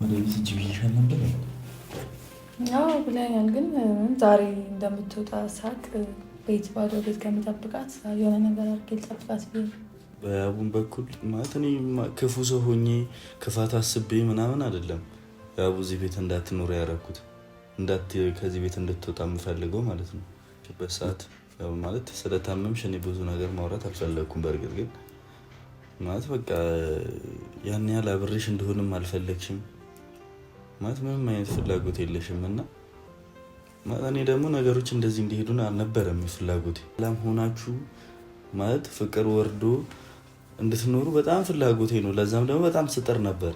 ወደ ቤት እጅ ብይሻል ነበር አዎ ብለኛል። ግን ዛሬ እንደምትወጣ ሳቅ ቤት ባዶ ቤት ከምጠብቃት የሆነ ነገር አድርጌ ልጠብቃት ብ በአቡን በኩል ማለት ክፉ ሰው ሆኜ ክፋት አስቤ ምናምን አይደለም። አቡ እዚህ ቤት እንዳትኖር ያደረኩት ከዚህ ቤት እንድትወጣ የምፈልገው ማለት ነው። በሰዓት ማለት ስለታመምሽ እኔ ብዙ ነገር ማውራት አልፈለግኩም። በእርግጥ ግን ማለት በቃ ያን ያህል አብሬሽ እንደሆንም አልፈለግሽም ማለት ምንም አይነት ፍላጎት የለሽም እና እኔ ደግሞ ነገሮች እንደዚህ እንዲሄዱን አልነበረም ፍላጎት ላም ሆናችሁ ማለት ፍቅር ወርዶ እንድትኖሩ በጣም ፍላጎቴ ነው። ለዛም ደግሞ በጣም ስጥር ነበር።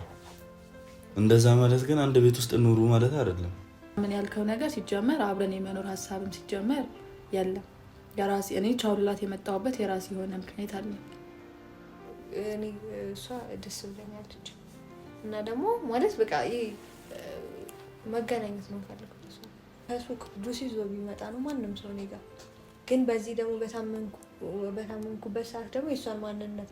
እንደዛ ማለት ግን አንድ ቤት ውስጥ ኑሩ ማለት አይደለም። ምን ያልከው ነገር ሲጀመር አብረን የመኖር ሀሳብም ሲጀመር የለም። የራሴ እኔ ቻውላት ልላት የመጣሁበት የራሴ የሆነ ምክንያት አለ። እኔ እሷ ደስ ብለኛለች እና ደግሞ ማለት በቃ መገናኘት ነው ፈልገው ከሱቅ ጁስ ይዞ ቢመጣ ነው ማንም ሰው እኔ ጋር ግን በዚህ ደግሞ በታመንኩበት ሰዓት ደግሞ የእሷን ማንነት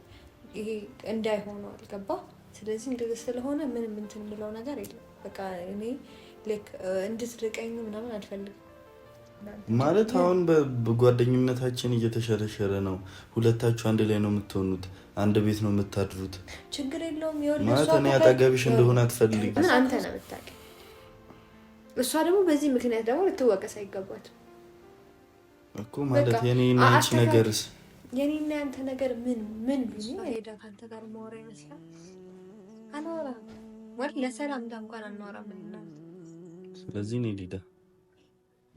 ይሄ እንዳይሆኑ አልገባ። ስለዚህ እንደዚህ ስለሆነ ምንም እንትን የምለው ነገር የለም። በቃ እኔ ልክ እንድትርቀኝ ምናምን አልፈልግም። ማለት አሁን በጓደኝነታችን እየተሸረሸረ ነው። ሁለታችሁ አንድ ላይ ነው የምትሆኑት፣ አንድ ቤት ነው የምታድሩት። ችግር የለውም ማለት እኔ አጠገብሽ እንደሆነ አትፈልጊ፣ አንተ ነው የምታውቂው። እሷ ደግሞ በዚህ ምክንያት ደግሞ ልትወቀስ አይገባትም እኮ ማለት የኔና አንቺ ነገርስ የኔና ያንተ ነገር ምን ምን ብዙ ሄዳ ከአንተ ጋር ማወራ ይመስላል። አኖራ ማለት ለሰላምታ እንኳን አኖራ ምንና ስለዚህ እኔ ሊዳ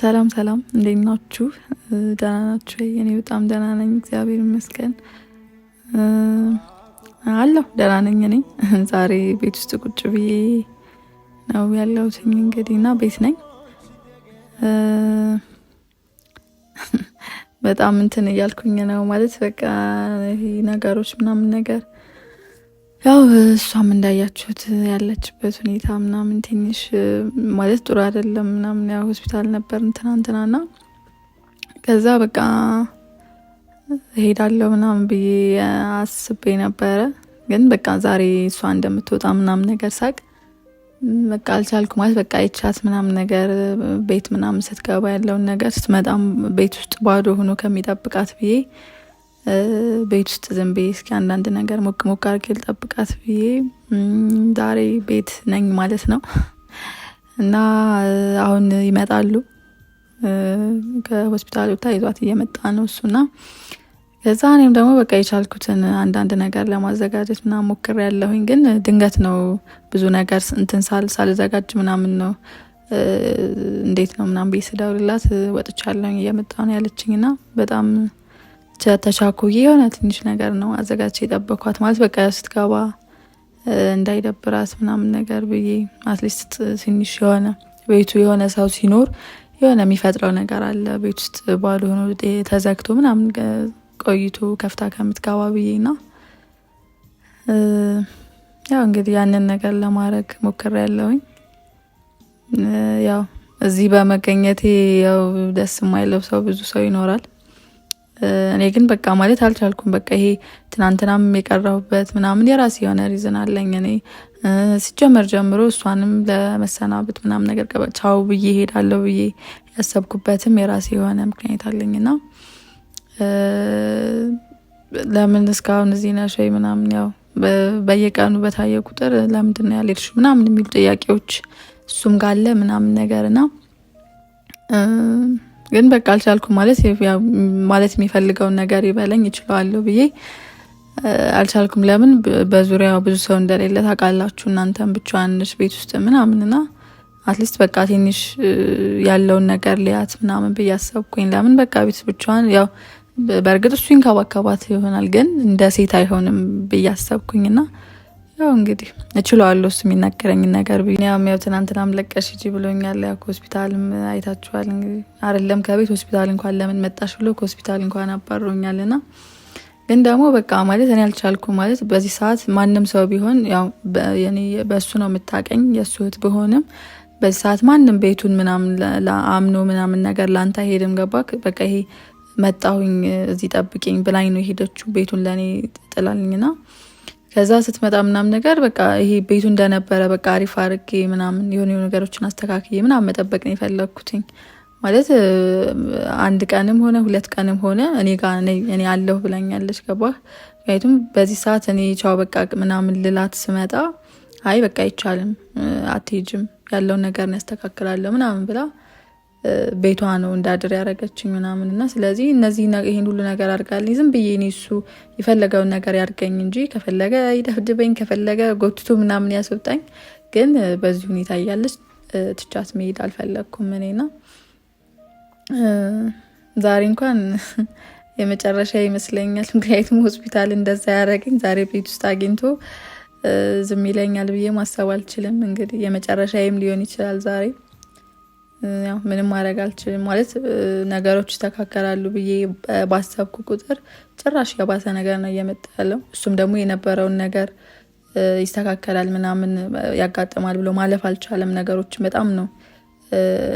ሰላም ሰላም፣ እንዴት ናችሁ? ደህና ናችሁ? እኔ በጣም ደህና ነኝ፣ እግዚአብሔር ይመስገን አለሁ። ደህና ነኝ እኔ ዛሬ ቤት ውስጥ ቁጭ ብዬ ነው ያለሁትኝ እንግዲህ እና ቤት ነኝ። በጣም እንትን እያልኩኝ ነው ማለት በቃ ነገሮች ምናምን ነገር ያው እሷም እንዳያችሁት ያለችበት ሁኔታ ምናምን ትንሽ ማለት ጥሩ አይደለም ምናምን ያው ሆስፒታል ነበርን ና ከዛ በቃ ሄዳለሁ ምናምን ብዬ አስቤ ነበረ። ግን በቃ ዛሬ እሷ እንደምትወጣ ምናምን ነገር ሳቅ በቃ አልቻልኩ ማለት በቃ ይቻት ምናምን ነገር ቤት ምናምን ስትገባ ያለውን ነገር ስትመጣም ቤት ውስጥ ባዶ ሆኖ ከሚጠብቃት ብዬ ቤት ውስጥ ዝም ብዬ እስኪ አንዳንድ ነገር ሞቅ ሞቅ አድርጌ ልጠብቃት ብዬ ዛሬ ቤት ነኝ ማለት ነው። እና አሁን ይመጣሉ። ከሆስፒታል ወጥታ ይዟት እየመጣ ነው እሱና ከዛ እኔም ደግሞ በቃ የቻልኩትን አንዳንድ ነገር ለማዘጋጀት ምናምን ሞክሬ ያለሁኝ ግን ድንገት ነው ብዙ ነገር እንትን ሳልዘጋጅ ምናምን ነው እንዴት ነው ምናምን ቤት ስደውልላት ወጥቻለሁኝ እየመጣ ነው ያለችኝ እና በጣም ተቻኩዬ የሆነ ትንሽ ነገር ነው አዘጋጅቼ የጠበኳት ማለት በቃ ስትገባ እንዳይደብራት ምናምን ነገር ብዬ አትሊስት ትንሽ የሆነ ቤቱ የሆነ ሰው ሲኖር የሆነ የሚፈጥረው ነገር አለ ቤት ውስጥ ባሉ ሆኖ ተዘግቶ ምናምን ቆይቶ ከፍታ ከምትገባ ብዬ ና ያው እንግዲህ ያንን ነገር ለማድረግ ሞከር ያለውኝ ያው እዚህ በመገኘቴ ያው ደስ የማይለው ሰው ብዙ ሰው ይኖራል። እኔ ግን በቃ ማለት አልቻልኩም። በቃ ይሄ ትናንትናም የቀረሁበት ምናምን የራሴ የሆነ ሪዝን አለኝ። እኔ ሲጀመር ጀምሮ እሷንም ለመሰናበት ምናምን ነገር ቻው ብዬ ሄዳለሁ ብዬ ያሰብኩበትም የራሴ የሆነ ምክንያት አለኝ እና ለምን እስካሁን እዚህ ነሽ ወይ ምናምን ያው በየቀኑ በታየ ቁጥር ለምንድን ነው ያልሄድሽው ምናምን የሚሉ ጥያቄዎች እሱም ጋለ ምናምን ነገር እና ግን በቃ አልቻልኩም ማለት ማለት የሚፈልገውን ነገር ይበለኝ ይችለዋለሁ ብዬ አልቻልኩም። ለምን በዙሪያው ብዙ ሰው እንደሌለ ታውቃላችሁ። እናንተም ብቻዋን ቤት ውስጥ ምናምንና አትሊስት በቃ ትንሽ ያለውን ነገር ሊያት ምናምን ብዬ አሰብኩኝ። ለምን በቃ ቤት ብቻዋን ያው በእርግጥ እሱ ይንከባከባት ይሆናል፣ ግን እንደ ሴት አይሆንም ብዬ አሰብኩኝና ያው እንግዲህ እችለዋለሁ እሱ የሚናገረኝ ነገር ብያም ያው ትናንትናም ለቀሽ ሂጂ ብሎኛል። ያው ከሆስፒታልም አይታችኋል እንግዲህ አይደለም ከቤት ሆስፒታል እንኳን ለምን መጣሽ ብሎ ከሆስፒታል እንኳን አባሮኛል። ና ግን ደግሞ በቃ ማለት እኔ አልቻልኩ ማለት በዚህ ሰዓት ማንም ሰው ቢሆን ያው በእሱ ነው የምታቀኝ የእሱ እህት ብሆንም በዚህ ሰዓት ማንም ቤቱን ምናምን አምኖ ምናምን ነገር ለአንተ ሄድም ገባ በቃ ይሄ መጣሁኝ እዚህ ጠብቅኝ ብላኝ ነው የሄደችው ቤቱን ለእኔ ጥላልኝና ከዛ ስትመጣ ምናምን ነገር በቃ ይሄ ቤቱ እንደነበረ በቃ አሪፍ አርጌ ምናምን የሆኑ ነገሮችን አስተካክዬ ምናምን መጠበቅ ነው የፈለግኩትኝ። ማለት አንድ ቀንም ሆነ ሁለት ቀንም ሆነ እኔ ጋር እኔ አለሁ ብላኛለች። ገባ ምክንያቱም በዚህ ሰዓት እኔ ቻው በቃ ምናምን ልላት ስመጣ አይ በቃ አይቻልም፣ አቴጅም ያለውን ነገር ያስተካክላለሁ ምናምን ብላ ቤቷ ነው እንዳድር ያደረገችኝ ምናምን እና ስለዚህ እነዚህ ይህን ሁሉ ነገር አድርጋልኝ። ዝም ብዬ እኔ እሱ የፈለገውን ነገር ያድርገኝ እንጂ ከፈለገ ይደፍድበኝ፣ ከፈለገ ጎትቶ ምናምን ያስወጣኝ። ግን በዚህ ሁኔታ እያለች ትቻት መሄድ አልፈለግኩም እኔ ና ዛሬ እንኳን የመጨረሻ ይመስለኛል። ምክንያቱም ሆስፒታል እንደዛ ያደረገኝ ዛሬ ቤት ውስጥ አግኝቶ ዝም ይለኛል ብዬ ማሰብ አልችልም። እንግዲህ የመጨረሻ ይም ሊሆን ይችላል ዛሬ ምንም ማድረግ አልችልም ማለት ነገሮች ይስተካከላሉ ብዬ ባሰብኩ ቁጥር ጭራሽ የባሰ ነገር ነው እየመጣ ያለው። እሱም ደግሞ የነበረውን ነገር ይስተካከላል ምናምን ያጋጥማል ብሎ ማለፍ አልቻለም። ነገሮችን በጣም ነው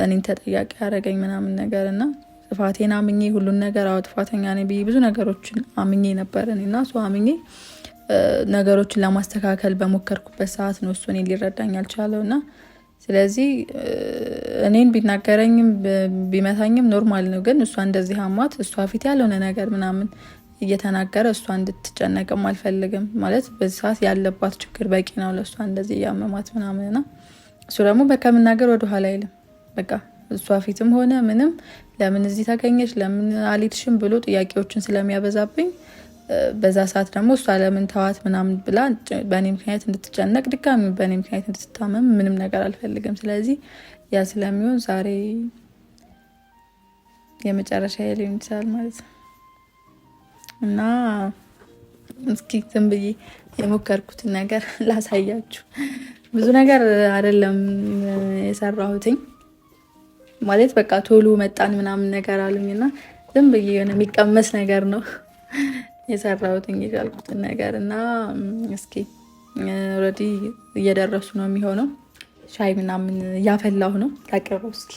እኔን ተጠያቂ ያደረገኝ ምናምን ነገር እና ጥፋቴን አምኜ ሁሉን ነገር አዎ ጥፋተኛ ነኝ ብዬ ብዙ ነገሮችን አምኜ ነበር እና እሱ አምኜ ነገሮችን ለማስተካከል በሞከርኩበት ሰዓት ነው እሱ እኔን ሊረዳኝ አልቻለው እና ስለዚህ እኔን ቢናገረኝም ቢመታኝም ኖርማል ነው። ግን እሷ እንደዚህ አሟት እሷ ፊት ያልሆነ ነገር ምናምን እየተናገረ እሷ እንድትጨነቅም አልፈልግም። ማለት በዚህ ሰዓት ያለባት ችግር በቂ ነው ለእሷ እንደዚህ እያመማት ምናምን ና እሱ ደግሞ ከምናገር ወደ ወደኋላ አይልም። በቃ እሷ ፊትም ሆነ ምንም ለምን እዚህ ተገኘች ለምን አልሄድሽም ብሎ ጥያቄዎችን ስለሚያበዛብኝ በዛ ሰዓት ደግሞ እሷ ለምን ተዋት ምናምን ብላ በእኔ ምክንያት እንድትጨነቅ ድጋሚ በእኔ ምክንያት እንድትታመም ምንም ነገር አልፈልግም። ስለዚህ ያ ስለሚሆን ዛሬ የመጨረሻ ሊሆን ይችላል ማለት ነው እና እስኪ ዝም ብዬ የሞከርኩትን ነገር ላሳያችሁ። ብዙ ነገር አይደለም የሰራሁትኝ ማለት በቃ ቶሎ መጣን ምናምን ነገር አሉኝ እና ዝም ብዬ የሆነ የሚቀመስ ነገር ነው የሰራሁትን እንግዲህ ነገር እና እስኪ ኦልሬዲ እየደረሱ ነው የሚሆነው። ሻይ ምናምን እያፈላሁ ነው ላቅርበው እስኪ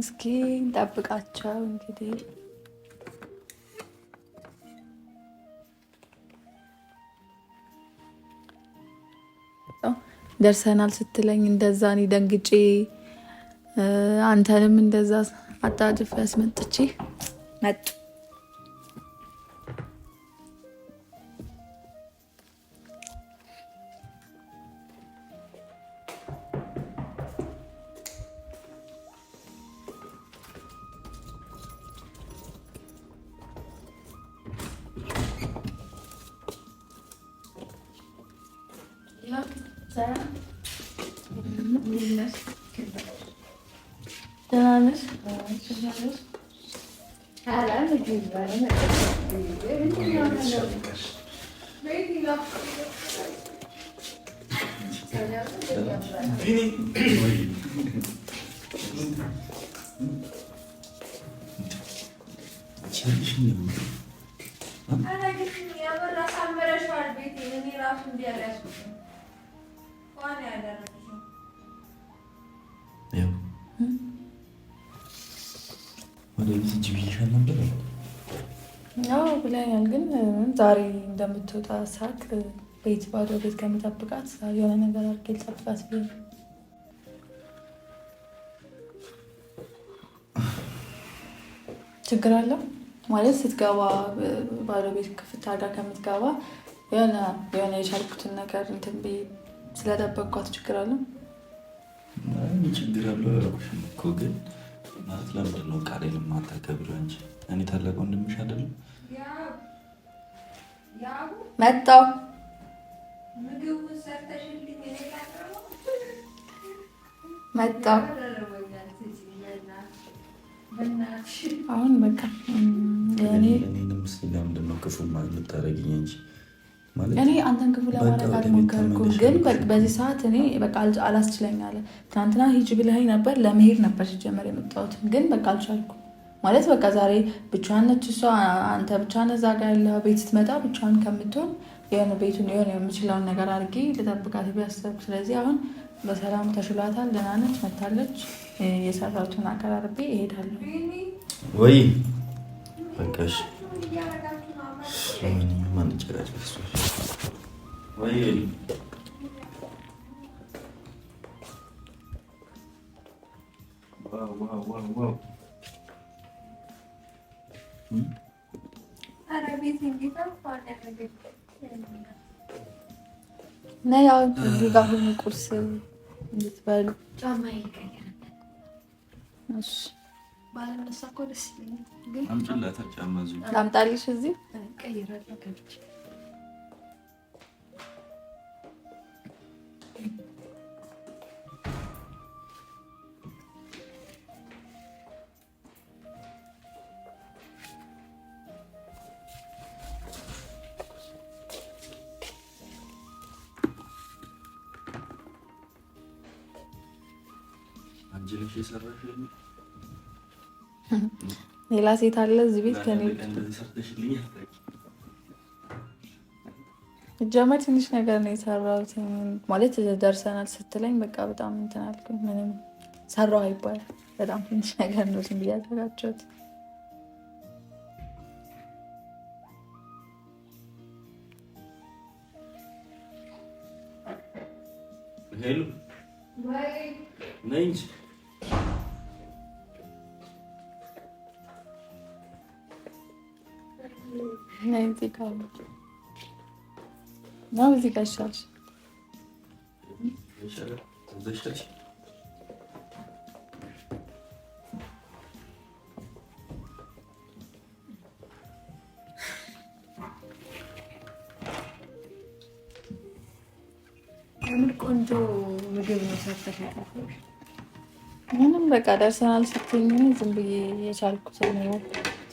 እስኪ እንጠብቃቸው እንግዲህ ደርሰናል ስትለኝ እንደዛ እኔ ደንግጬ አንተንም እንደዛ አጣድፍ ያስመጥቼ መጡ። Vini. Kendi şimdi mi? Ana gitsin ya ben rasam beraş var bitiğini Ne? rasam diye resmi. Kuan yerler Ne? Hı? ወደ ዚህ ዲቪዥን ya, ነው ብለኛል። ግን ዛሬ እንደምትወጣ ሳቅ ቤት ባዶ ቤት ከምጠብቃት የሆነ ነገር አድርጌ ልጠብቃት ብዬ ችግር አለው ማለት ስትገባ ባዶ ቤት ክፍት አድርጋ ከምትገባ የሆነ የሆነ የቻልኩትን ነገር እንትን ብዬ ስለጠበቅኳት ችግር አለው ችግር አለው ያልኩሽ እኮ ግን ማለት ለምንድን ነው ቃሌ ልማታከብሪ እንጂ እኔ ታላቅ ወንድምሽ አይደለም መጣው መጣሁ። አሁን በቃ ለምንድነው ክፉ የምታደርጊኝ እንጂ እኔ አንተን ክፉ ለማድረግ አልሞከርኩም፣ ግን በዚህ ሰዓት እኔ በቃ አላስችለኛለ። ትናንትና ሂጅ ብለኸኝ ነበር። ለመሄድ ነበር ሲጀመር የመጣሁት፣ ግን በቃ አልቻልኩም። ማለት በቃ ዛሬ ብቻዋን ነች እሷ፣ አንተ ብቻ ነህ እዛ ጋ ቤት ስትመጣ ብቻዋን ከምትሆን የሆነ ቤቱን የሆነ የምችለውን ነገር አድርጌ ልጠብቃት ቢያሰብኩ። ስለዚህ አሁን በሰላም ተሽሏታል፣ ደህና ነች፣ መታለች። የሰራቱን አቀራርቤ እሄዳለሁ ወይ በቃሽ ወይ እንዴት ማንጨቃጭ እና ያው እዚህ ጋር ቁርስ እንድትበሉ ጫማ ይቀየራል። እሺ ባለነሳ እኮ ደስ ይለኛል፣ ግን ላምጣልሽ እዚህ ሌላ ሴት አለ እዚህ ቤት ከኔ ጀመር ትንሽ ነገር ነው የሰራሁት። ማለት ደርሰናል ስትለኝ በቃ በጣም እንትን አልኩኝ። ምንም ሰራሁ አይባልም። በጣም ትንሽ ነገር ነው ዝም ብዬ ያዘጋጀሁት። ነይ እንጂ እዚህ ጋር ነው። እዚህ ጋር ይሻልሽ። ምን ቆንጆ ምግብ ነው ሰርተሽ ያለፈው። ምንም በቃ ደርሰናል ስትይኝ ዝም ብዬ የቻልኩት ነው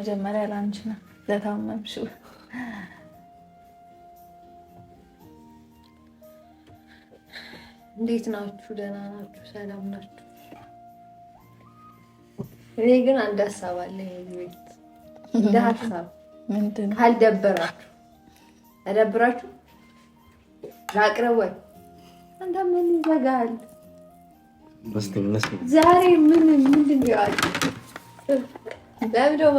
መጀመሪያ ላንች ነው ለታመምሽው። እንዴት ናችሁ? ደህና ናችሁ? ሰላም ናችሁ? እኔ ግን አንድ ሀሳብ አለ። ቤት እንደ ሀሳብ ምንድን ካልደበራችሁ አደብራችሁ ላቅርብ ወይ አንተ ምን ይዘጋል ዛሬ ምን ምንድን ለምን ደግሞ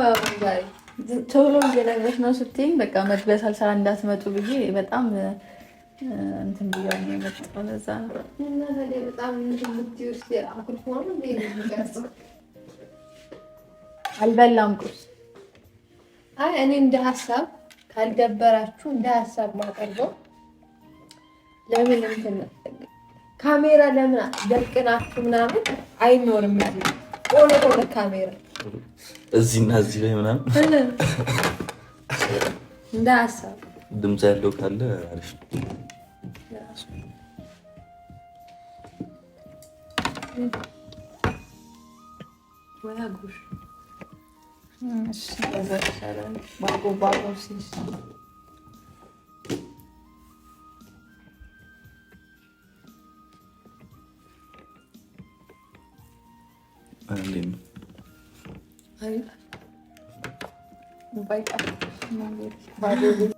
ቶሎ እየነግረሽ ነው ስትይኝ፣ በቃ መጥበስ አልሰራ እንዳትመጡ ብዬ በጣም እንትን ብያ ነው የመጣው። ለዛ ነው አልበላም ቁርስ። አይ እኔ እንደ ሀሳብ ካልደበራችሁ እንደ ሀሳብ ማቀርበው ለምን እንትን ካሜራ ለምን ደቅናችሁ ምናምን አይኖርም ሆነ ካሜራ እዚህና እዚህ ላይ ምናምን እንደ ሀሳብ ድምፅ ያለው ካለ አሪፍ ነው። አለኝ vai dar. não vai bay.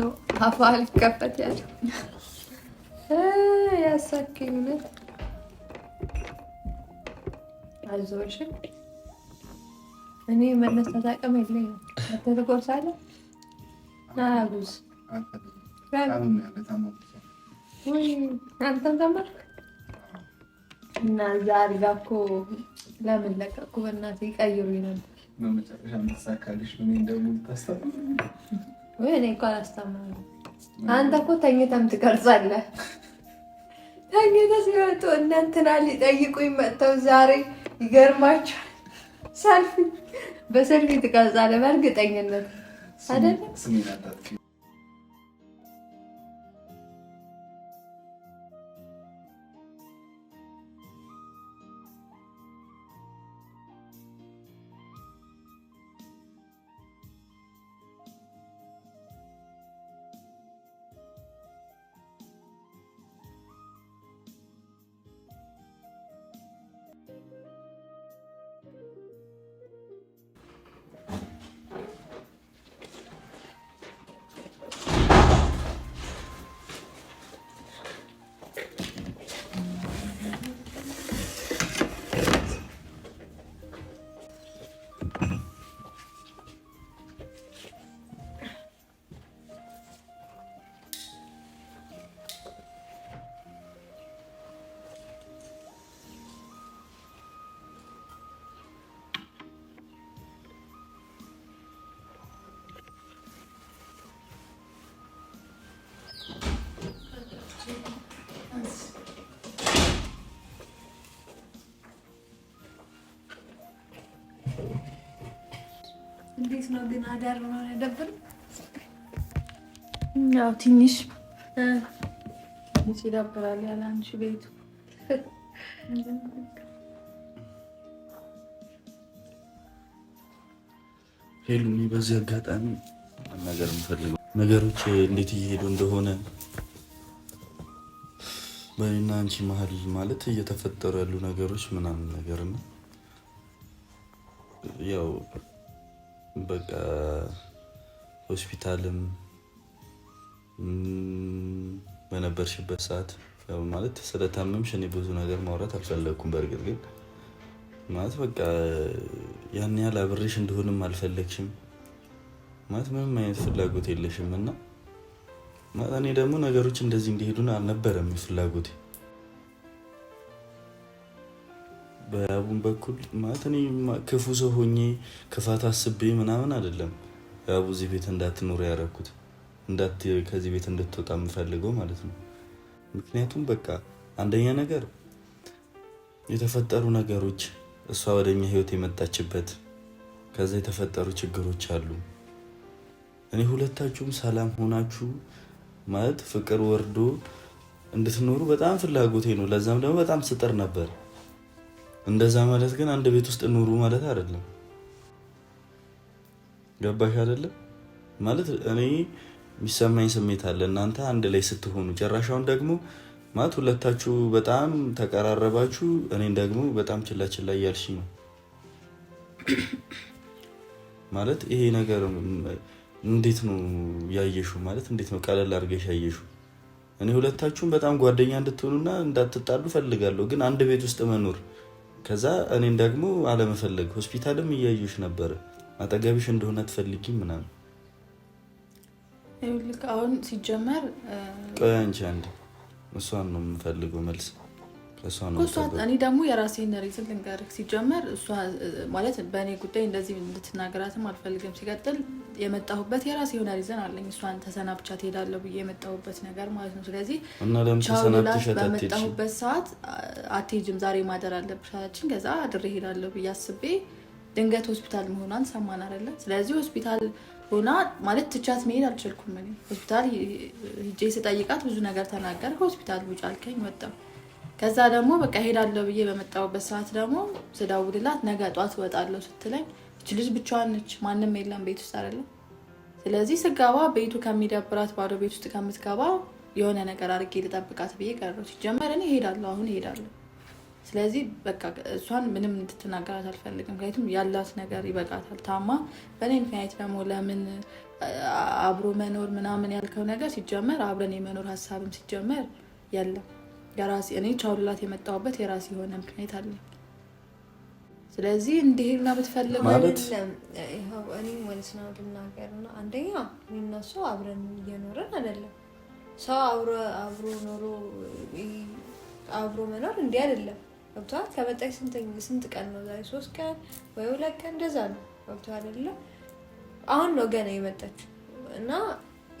ነው አፋ ሊከፈት ያለው ያሳከኝ እውነት አልዞርሽም። እኔ መነሳት አቅም የለኝም። ትጎርሳለህ ናጉዝ አንተም ተመርክ እና እዛ አልጋ እኮ ለምን ለቀኩ? በእናትህ ይቀይሩኝ ነበር እኔ እኮ አላስተማሩም። አንተ እኮ ተኝተም ትቀርጻለህ። ተኝተ ሲወጡ እናንትና ሊጠይቁኝ መጥተው ዛሬ ይገርማቸዋል። ሰልፊ በሰልፊ ትቀርጻለህ በእርግጠኝነት አይደለም እንዴት ነው ግን አዳር ነው ያደብር? ያው ትንሽ ትንሽ ይደብራል ያለ አንቺ ቤቱ ሄሉ፣ እኔ በዚህ አጋጣሚ ነገር የምፈልገው ነገሮች እንዴት እየሄዱ እንደሆነ በእኔና አንቺ መሀል ማለት እየተፈጠሩ ያሉ ነገሮች ምናምን ነገር ነው ያው በቃ ሆስፒታልም በነበርሽበት ሰዓት ማለት ስለታመምሽ እኔ ብዙ ነገር ማውራት አልፈለግኩም። በእርግጥ ግን ማለት በቃ ያን ያህል አብሬሽ እንደሆንም አልፈለግሽም። ማለት ምንም አይነት ፍላጎት የለሽም እና እኔ ደግሞ ነገሮች እንደዚህ እንዲሄዱን አልነበረም ፍላጎቴ። በያቡን በኩል ማለት እኔ ክፉ ሰው ሆኜ ክፋት አስቤ ምናምን አይደለም። ያቡ እዚህ ቤት እንዳትኖር ያደረኩት እንዳት ከዚህ ቤት እንድትወጣ የምፈልገው ማለት ነው። ምክንያቱም በቃ አንደኛ ነገር የተፈጠሩ ነገሮች እሷ ወደኛ ህይወት የመጣችበት ከዛ የተፈጠሩ ችግሮች አሉ። እኔ ሁለታችሁም ሰላም ሆናችሁ ማለት ፍቅር ወርዶ እንድትኖሩ በጣም ፍላጎቴ ነው። ለዛም ደግሞ በጣም ስጥር ነበር። እንደዛ ማለት ግን አንድ ቤት ውስጥ ኑሩ ማለት አይደለም። ገባሽ አይደለም? ማለት እኔ የሚሰማኝ ስሜት አለ እናንተ አንድ ላይ ስትሆኑ፣ ጭራሻውን ደግሞ ማለት ሁለታችሁ በጣም ተቀራረባችሁ፣ እኔን ደግሞ በጣም ችላችላ ላይ ነው ማለት ይሄ ነገር እንዴት ነው ያየሹ? ማለት እንዴት ነው ቀለል አድርገሽ ያየሹ? እኔ ሁለታችሁም በጣም ጓደኛ እንድትሆኑና እንዳትጣሉ ፈልጋለሁ፣ ግን አንድ ቤት ውስጥ መኖር ከዛ እኔን ደግሞ አለመፈለግ ሆስፒታልም እያዩሽ ነበር አጠገብሽ እንደሆነ ትፈልጊ ምናምን ይኸውልህ አሁን ሲጀመር ቆይ አንቺ እሷን ነው የምፈልገው መልስ እኔ ደግሞ የራሴን ሪዝን ልንገርህ። ሲጀመር እሷ ማለት በእኔ ጉዳይ እንደዚህ እንድትናገራትም አልፈልግም። ሲቀጥል የመጣሁበት የራሴ የሆነ ሪዝን አለኝ። እሷን ተሰናብቻ ትሄዳለሁ ብዬ የመጣሁበት ነገር ማለት ነው። ስለዚህ በመጣሁበት ሰዓት አትሄጂም፣ ዛሬ ማደር አለብሽ አለችኝ። ከዛ አድሬ እሄዳለሁ ብዬ አስቤ ድንገት ሆስፒታል መሆኗን ሰማን አይደለ? ስለዚህ ሆስፒታል ሆና ማለት ትቻት መሄድ አልችልኩም። ሆስፒታል ሂጄ ስጠይቃት ብዙ ነገር ተናገር፣ ሆስፒታል ውጭ አልከኝ፣ ወጣሁ ከዛ ደግሞ በቃ ሄዳለሁ ብዬ በመጣሁበት ሰዓት ደግሞ ስደውልላት ነገ ጧት እወጣለሁ ስትለኝ እች ልጅ ብቻዋን ነች፣ ማንም የለም ቤት ውስጥ አይደለም። ስለዚህ ስገባ ቤቱ ከሚደብራት ባዶ ቤት ውስጥ ከምትገባ የሆነ ነገር አድርጌ ልጠብቃት ብዬ ቀረ። ሲጀመር እኔ ሄዳለሁ፣ አሁን ሄዳለሁ። ስለዚህ በቃ እሷን ምንም እንድትናገራት አልፈልግም። ምክንያቱም ያላት ነገር ይበቃታል። ታማ በእኔ ምክንያት ደግሞ ለምን አብሮ መኖር ምናምን ያልከው ነገር ሲጀመር አብረን የመኖር ሀሳብም ሲጀመር የለም የራሴ እኔ ቻውላት ልላት የመጣሁበት የራሴ የሆነ ምክንያት አለኝ። ስለዚህ እንዲሄድና ብትፈልግ ማለት እኔ ነው አንደኛ እኔና እሱ አብረን እየኖረን አይደለም። ሰው አብሮ ኖሮ አብሮ መኖር እንዲህ አይደለም። ገብቶሃል? ከመጣች ስንት ቀን ነው ዛሬ? ሶስት ቀን ወይ ሁለት ቀን እንደዛ ነው። ገብቶሃል አይደለም? አሁን ነው ገና የመጣችው እና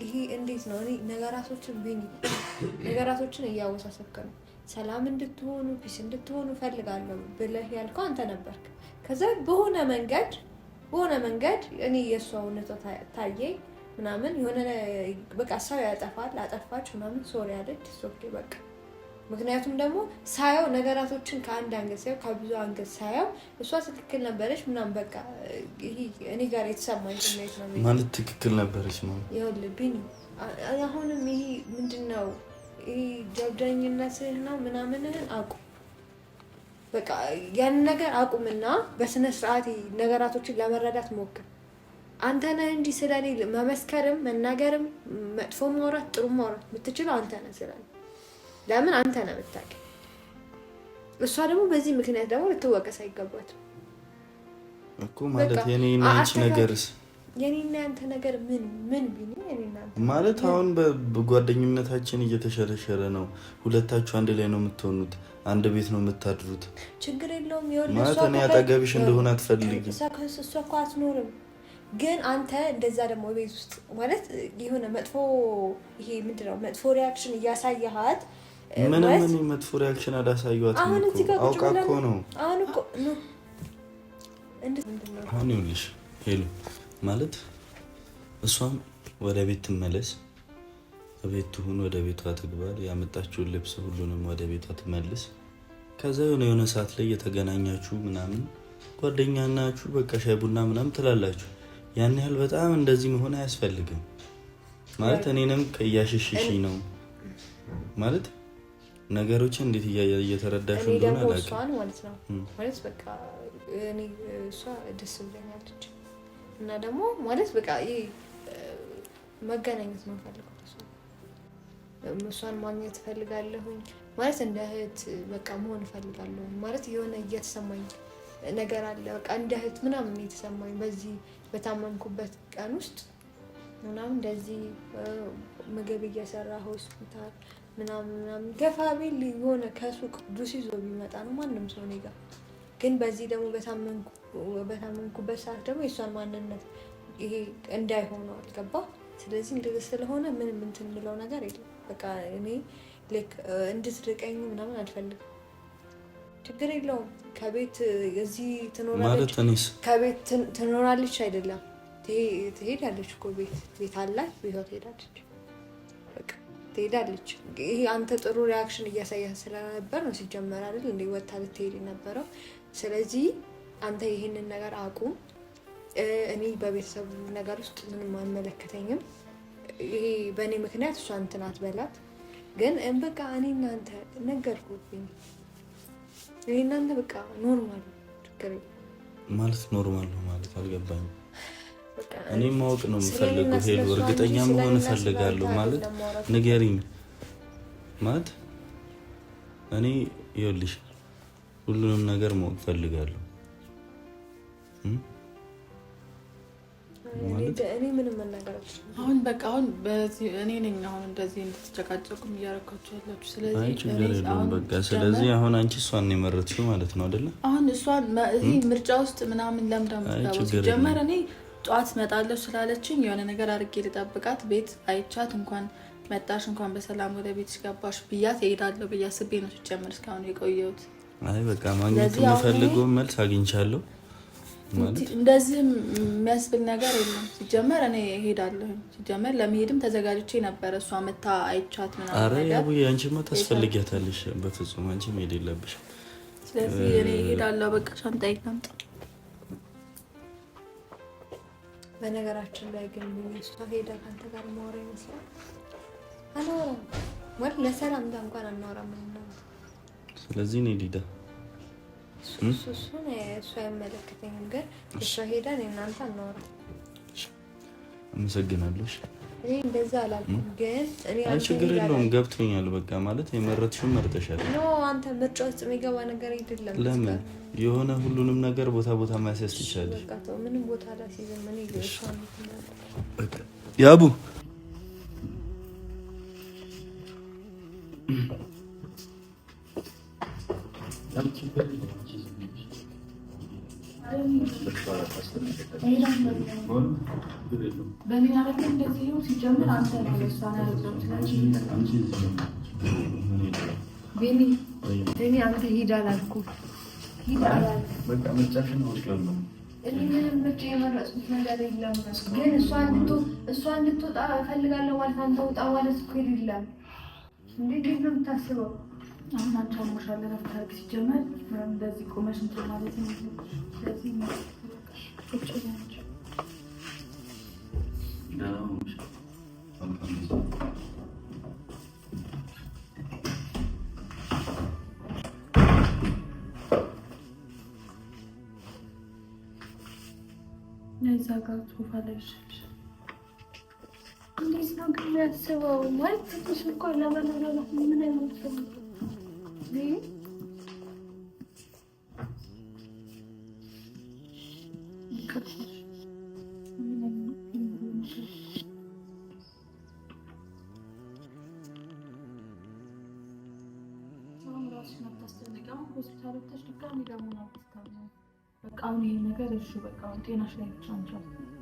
ይሄ እንዴት ነው? እኔ ነገራቶችን ቢኝ ነገራቶችን እያወሳሰብክ ነው። ሰላም እንድትሆኑ ፒስ እንድትሆኑ ፈልጋለሁ ብለህ ያልከው አንተ ነበርክ። ከዛ በሆነ መንገድ በሆነ መንገድ እኔ የእሷ እውነቷ ታየኝ ምናምን የሆነ በቃ ሰው ያጠፋል፣ አጠፋች ምናምን ሶሪ አለች ሶኬ በቃ ምክንያቱም ደግሞ ሳየው ነገራቶችን ከአንድ አንገት ሳየው ከብዙ አንገት ሳየው እሷ ትክክል ነበረች ምናምን በቃ እኔ ጋር የተሰማኝ ስሜት ነው። ማለት ትክክል ነበረች ነው ይኸውልብኝ። አሁንም ይሄ ምንድን ነው ይሄ ጀብዳኝነትህ ነው ምናምንህን አቁም፣ በቃ ያንን ነገር አቁምና በስነ ስርዓት ነገራቶችን ለመረዳት ሞክር። አንተ ነህ እንጂ ስለኔ መመስከርም መናገርም መጥፎ ማውራት ጥሩ ማውራት የምትችለው አንተ ነህ ስለኔ ለምን አንተ ነው የምታውቂው። እሷ ደግሞ በዚህ ምክንያት ደግሞ ልትወቀስ አይገባትም እኮ ማለት የኔና አንቺ ነገርስ የኔና ያንተ ነገር ምን ምን ማለት አሁን በጓደኝነታችን እየተሸረሸረ ነው። ሁለታችሁ አንድ ላይ ነው የምትሆኑት፣ አንድ ቤት ነው የምታድሩት። ችግር የለውም ማለት እኔ አጠገብሽ እንደሆነ አትፈልጊም። እሷ እኮ አትኖርም፣ ግን አንተ እንደዛ ደግሞ ቤት ውስጥ ማለት የሆነ መጥፎ ይሄ ምንድን ነው መጥፎ ሪያክሽን እያሳየሃት ምንም ምን መጥፎ ሪያክሽን አላሳዩት። አሁን አውቃ እኮ ነው። አሁን እኮ ነው። ይኸውልሽ፣ ሄሎ ማለት እሷም ወደ ቤት ትመለስ፣ ቤት ትሁን፣ ወደ ቤቷ ትግባል፣ ያመጣችውን ልብስ ሁሉንም ወደ ቤቷ ትመልስ። ከዛ የሆነ የሆነ ሰዓት ላይ የተገናኛችሁ ምናምን ጓደኛ ናችሁ፣ በቃ ሻይ ቡና ምናምን ትላላችሁ። ያን ያህል በጣም እንደዚህ መሆን አያስፈልግም ማለት እኔንም ከያሸሽሽ ነው ማለት ነገሮችን እንዴት እየተረዳሽ እንደሆነ እሷን ማለት ነው ማለት በቃ እኔ እሷ ደስ ብለኛለች እና ደግሞ ማለት በቃ ይ መገናኘት ነው እምፈልገው እሷን ማግኘት እፈልጋለሁኝ ማለት እንደ እህት በቃ መሆን እፈልጋለሁ ማለት የሆነ እየተሰማኝ ነገር አለ በቃ እንደ እህት ምናምን የተሰማኝ በዚህ በታመምኩበት ቀን ውስጥ ምናምን እንደዚህ ምግብ እየሰራ ሆስፒታል ምናምን ምናምን ገፋ ቢል የሆነ ከሱቅ ቅዱስ ይዞ ቢመጣ ነው ማንም ሰው እኔ ጋር። ግን በዚህ ደግሞ በታመንኩበት ሰዓት ደግሞ የእሷን ማንነት ይሄ እንዳይሆነው አልገባ። ስለዚህ እንደዚህ ስለሆነ ምንም እንትን የምለው ነገር የለም። በቃ እኔ ልክ እንድትርቀኝ ምናምን አልፈልግም። ችግር የለውም። ከቤት እዚህ ትኖራለች ከቤት ትኖራለች አይደለም ትሄዳለች እኮ ቤት ቤት አላት ቤቷ ትሄዳለች ትሄዳለች። ይሄ አንተ ጥሩ ሪያክሽን እያሳየ ስለነበር ነው ሲጀመር አይደል እንደ ወታ ልትሄድ ነበረው። ስለዚህ አንተ ይህንን ነገር አቁም። እኔ በቤተሰቡ ነገር ውስጥ ምንም አልመለከተኝም። ይሄ በእኔ ምክንያት እሷ እንትን አትበላት። ግን በቃ እኔ እናንተ ነገርኩብኝ። ይህ እናንተ በቃ ኖርማል ማለት ኖርማል ነው ማለት አልገባኝም እኔ ማወቅ ነው የምፈልገው። ሄሉ እርግጠኛ መሆን እፈልጋለሁ። ማለት ንገሪኝ ማለት እኔ ይኸውልሽ ሁሉንም ነገር ማወቅ እፈልጋለሁ። አሁን በቃ አሁን እኔ ነኝ አሁን እንደዚህ እንድትጨቃጨቁም እያረኳቸው ያላችሁ። ስለዚህ አሁን አንቺ እሷን የመረጥሽው ማለት ነው አይደለ? አሁን እሷን ምርጫ ውስጥ ምናምን ለምዳ ጀመር እኔ ጠዋት እመጣለሁ ስላለችኝ የሆነ ነገር አድርጌ ልጠብቃት ቤት አይቻት እንኳን መጣሽ እንኳን በሰላም ወደ ቤትሽ ገባሽ ብያት እሄዳለሁ ብዬ አስቤ ነው ሲጀምር እስካሁን የቆየሁት። አይ በቃ ማግኘት የምፈልገው መልስ አግኝቻለሁ። እንደዚህ የሚያስብል ነገር የለም ሲጀመር። እኔ እሄዳለሁ ሲጀመር። ለመሄድም ተዘጋጅቼ ነበረ። እሷ መታ አይቻት ምናምን። ኧረ ያቡዬ አንቺማ ታስፈልጊያታለሽ። በፍጹም አንቺ መሄድ የለብሽም። ስለዚህ እኔ እሄዳለሁ። በቃ ሻንጣ ይቀምጥ በነገራችን ላይ ግን እሷ ሄዳ ከአንተ ጋር ማወራ ይመስላል። አናወራም ማለት ለሰላምታ እንኳን አናወራም። ስለዚህ እኔ ሊዳ እሱን እሱ አይመለከተኝም፣ ግን እሷ ሄዳ እናንተ አናወራም። አመሰግናለሽ። እኔ እንደዛ አላልኩም፣ ግን ችግር የለውም ገብቶኛል። በቃ ማለት የመረጥሽውን መርጠሻል። ኖ አንተ ምርጫ ውስጥ የሚገባ ነገር አይደለም። ለምን የሆነ ሁሉንም ነገር ቦታ ቦታ ማስያዝ ትችላለሽ። ምንም ቦታ ላስይዘ ምን ያቡ ሲጀምር አንተ ነው ለእሷን ያለው ቤኒ አንተ ሂድ አላልኩም ሂድ አላልኩም እኔ ምንም ምርጫ የመረጥኩት ነገር የለም ግን እሷ እንድትወጣ እፈልጋለሁ ማለት አንተ ውጣ ማለት እኮ የለም እንዴት ነው የምታስበው አሁን አንቺ አሞሻል ለመፍታት ሲጀመር እንደዚህ ቁመሽ እንትን ማለት ነው ስለዚህ ቁጭ ናቸው እዛ ጋር ሶፋ ለብሰሽ እንዴት ነው ግን የሚያስበው? ማለት ትንሽ እንኳን ለመኖረ ምን አይነት tienes que drop.